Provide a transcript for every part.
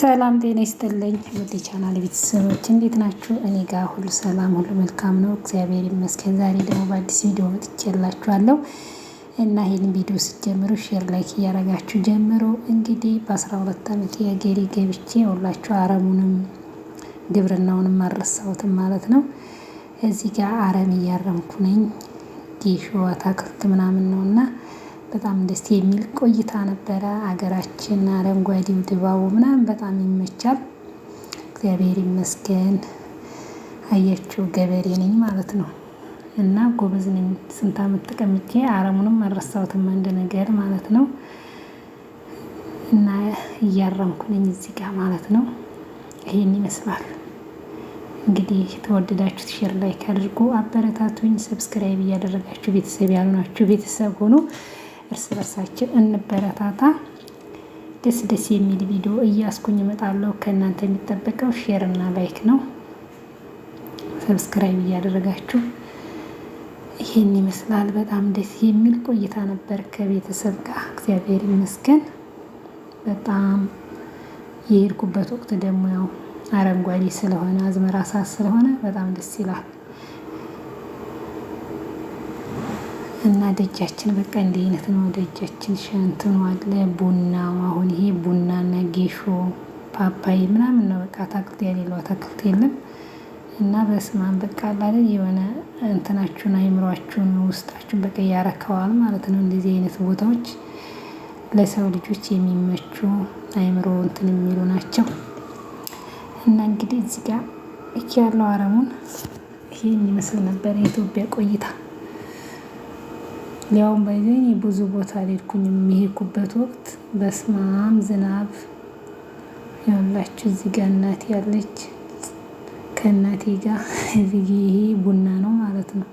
ሰላም ጤና ይስጥልኝ ውድ ቻናል ቤተሰቦች እንዴት ናችሁ? እኔ ጋር ሁሉ ሰላም፣ ሁሉ መልካም ነው፣ እግዚአብሔር ይመስገን። ዛሬ ደግሞ በአዲስ ቪዲዮ መጥቼላችኋለሁ እና ይህን ቪዲዮ ስትጀምሩ ሼር፣ ላይክ እያደረጋችሁ ጀምሮ እንግዲህ በአስራ ሁለት ዓመት የአገሬ ገብቼ ሁላችሁ አረሙንም ግብርናውንም አልረሳሁትም ማለት ነው። እዚህ ጋር አረም እያረምኩ ነኝ ጌሾ አታክልት ምናምን ነው እና በጣም ደስ የሚል ቆይታ ነበረ። አገራችን አረንጓዴው ድባቡ ምናምን በጣም ይመቻል። እግዚአብሔር ይመስገን። አያችሁ ገበሬ ነኝ ማለት ነው እና ጎበዝ ነኝ። ስንት ዓመት ተቀምጬ አረሙንም አልረሳሁትም አንድ ነገር ማለት ነው እና እያረምኩ ነኝ እዚህ ጋር ማለት ነው። ይሄን ይመስላል እንግዲህ ተወደዳችሁ ሼር ላይክ አድርጉ፣ አበረታቱኝ። ሰብስክራይብ እያደረጋችሁ ቤተሰብ ያልሆናችሁ ቤተሰብ ሆኖ እርስ በርሳችን እንበረታታ። ደስ ደስ የሚል ቪዲዮ እያስኩኝ እመጣለሁ። ከእናንተ የሚጠበቀው ሼር እና ላይክ ነው። ሰብስክራይብ እያደረጋችሁ ይህን ይመስላል። በጣም ደስ የሚል ቆይታ ነበር ከቤተሰብ ጋር እግዚአብሔር ይመስገን። በጣም የሄድኩበት ወቅት ደግሞ ያው አረንጓዴ ስለሆነ አዝመራ ሰዓት ስለሆነ በጣም ደስ ይላል። እና ደጃችን በቃ እንዲህ አይነት ነው። ደጃችን ሸንትኑ አለ ቡና አሁን ይሄ ቡናና ጌሾ ፓፓይ ምናምን ነው። በቃ አታክልት የሌለው አታክልት የለም። እና በስማን በቃ አላለ የሆነ እንትናችሁን አይምሯችሁን ውስጣችሁን በቃ ያረከዋል ማለት ነው። እንደዚህ አይነት ቦታዎች ለሰው ልጆች የሚመቹ አይምሮ እንትን የሚሉ ናቸው። እና እንግዲህ እዚህ ጋር እኪ ያለው አረሙን ይሄ የሚመስል ነበር የኢትዮጵያ ቆይታ። ሊያውም ባይዘኝ ብዙ ቦታ ሌድኩኝ የሚሄድኩበት ወቅት በስማም ዝናብ ያላችሁ እዚህ ጋር እናቴ ያለች ከእናቴ ጋር እዚህ ይሄ ቡና ነው ማለት ነው።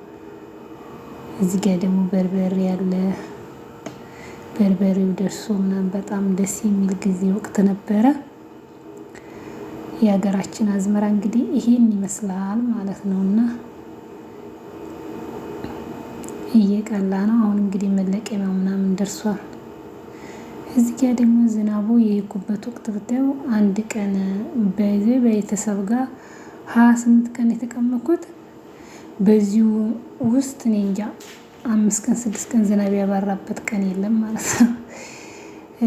እዚህ ጋ ደግሞ በርበሬ ያለ በርበሬው ደርሶ ምናምን በጣም ደስ የሚል ጊዜ ወቅት ነበረ። የሀገራችን አዝመራ እንግዲህ ይሄን ይመስላል ማለት ነው እና እየቀላ ነው። አሁን እንግዲህ መለቀሚያው ምናምን ደርሷል። እዚህ ጋ ደግሞ ዝናቡ የሄድኩበት ወቅት ብታዩ አንድ ቀን በዚህ በቤተሰብ ጋር ሀያ ስምንት ቀን የተቀመኩት በዚሁ ውስጥ እኔ እንጃ አምስት ቀን ስድስት ቀን ዝናብ ያባራበት ቀን የለም ማለት ነው።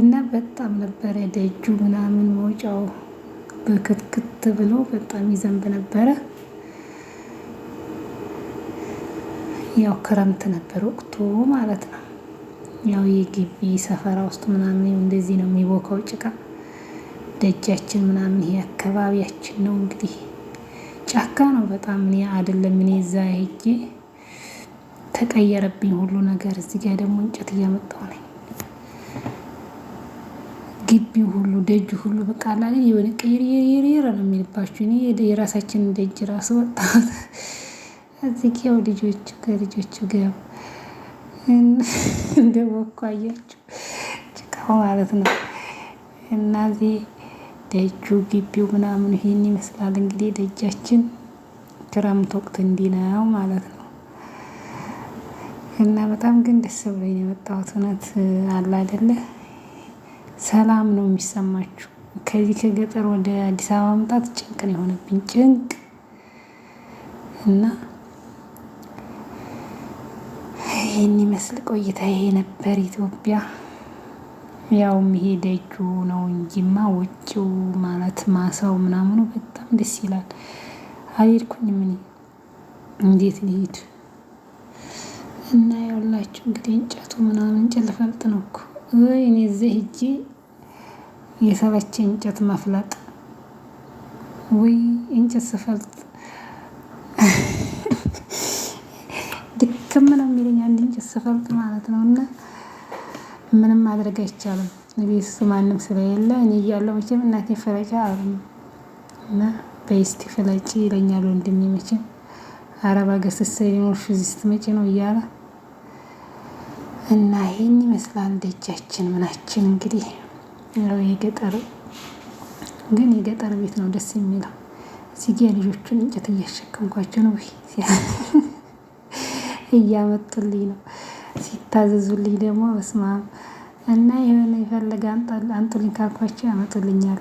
እና በጣም ነበረ ደጁ ምናምን መውጫው በክትክት ብሎ በጣም ይዘንብ ነበረ። ያው ክረምት ነበር ወቅቱ ማለት ነው። ያው የግቢ ሰፈራ ውስጥ ምናምን እንደዚህ ነው የሚቦካው ጭቃ ደጃችን ምናምን ይሄ አካባቢያችን ነው እንግዲህ ጫካ ነው በጣም እኔ አይደለም እኔ እዛ ሄጄ ተቀየረብኝ ሁሉ ነገር። እዚህ ጋር ደግሞ እንጨት ያመጣው ነኝ። ግቢው ሁሉ ደጁ ሁሉ በቃ ላለ የሆነ ቀይር ነው የሚልባችሁ። እኔ የራሳችን ደጅ ራሱ ወጣት እዚህ ያው ልጆቹ ከልጆቹ ጋር እንደወኳያችሁ ጭቃው ማለት ነው እና እዚህ ደጁ ግቢው ምናምን ይሄን ይመስላል። እንግዲህ ደጃችን ክረምት ወቅት እንዲህ ነው ማለት ነው። እና በጣም ግን ደስ ብሎኝ ነው የመጣሁት። እውነት አለ አይደለ ሰላም ነው የሚሰማችሁ። ከዚህ ከገጠር ወደ አዲስ አበባ መምጣት ጭንቅ ነው የሆነብኝ ጭንቅ እና ይህን ይመስል ቆይታ ይሄ ነበር ኢትዮጵያ። ያው መሄድ ደጁ ነው እንጂማ ውጭው ማለት ማሳው ምናምኑ በጣም ደስ ይላል። አልሄድኩኝ ምን እንዴት ሊሄድ እና ያላችሁ እንግዲህ እንጨቱ ምናምን እንጨት ልፈልጥ ነው እኮ እኔ እዚህ ሂጂ የሰበቼ እንጨት መፍለጥ ወይ እንጨት ስፈልጥ ድክም ነው የሚለኝ አንድ እንጨት ስፈልጥ ማለት ነው። እና ምንም ማድረግ አይቻልም። ቤት ውስጥ ማንም ስለሌለ እኔ እያለሁ መቼም እናቴ ፍለጫ አሉ እና በይስቲ ፍለጭ ይለኛል ወንድሜ። መቼም አረብ ሀገር ስትሰሪ ኖርሽ እዚህ ስትመጪ ነው እያለ እና ይህን ይመስላል ደጃችን ምናችን እንግዲህ ያው የገጠር ግን የገጠር ቤት ነው ደስ የሚለው። እዚህ ጋ ልጆቹን እንጨት እያሸከምኳቸው ነው ሲያ እያመጡልኝ ነው። ሲታዘዙልኝ ደግሞ በስማም እና የሆነ የፈለገ አንጡልኝ ካልኳቸው ያመጡልኛል።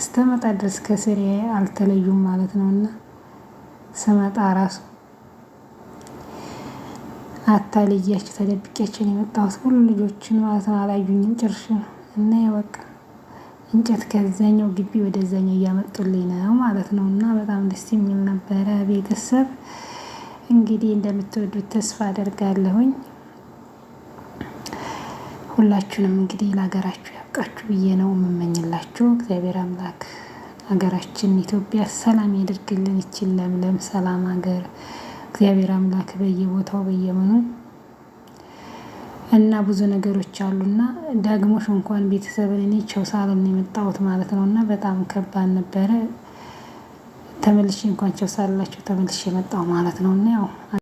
እስተመጣ ድረስ ከስሬ አልተለዩም ማለት ነው። እና ስመጣ ራሱ አታልያቸው ተደብቄያቸው የመጣሁት። ሁሉ ልጆችን ማለት ነው አላዩኝም ጭርሽ ነው እና የበቃ እንጨት ከዛኛው ግቢ ወደዛኛው እያመጡልኝ ነው ማለት ነው። እና በጣም ደስ የሚል ነበረ ቤተሰብ እንግዲህ እንደምትወዱት ተስፋ አደርጋለሁኝ። ሁላችሁንም እንግዲህ ለሀገራችሁ ያብቃችሁ ብዬ ነው የምመኝላችሁ። እግዚአብሔር አምላክ ሀገራችን ኢትዮጵያ ሰላም ያደርግልን። ይችን ለምለም ሰላም ሀገር እግዚአብሔር አምላክ በየቦታው በየመኑ እና ብዙ ነገሮች አሉና ዳግሞሽ እንኳን ቤተሰብን እኔ ቸው ሳለን የመጣሁት ማለት ነው እና በጣም ከባድ ነበረ። ተመልሼ እንኳን ቸው ሳላቸው ተመልሼ የመጣው ማለት ነው እና ያው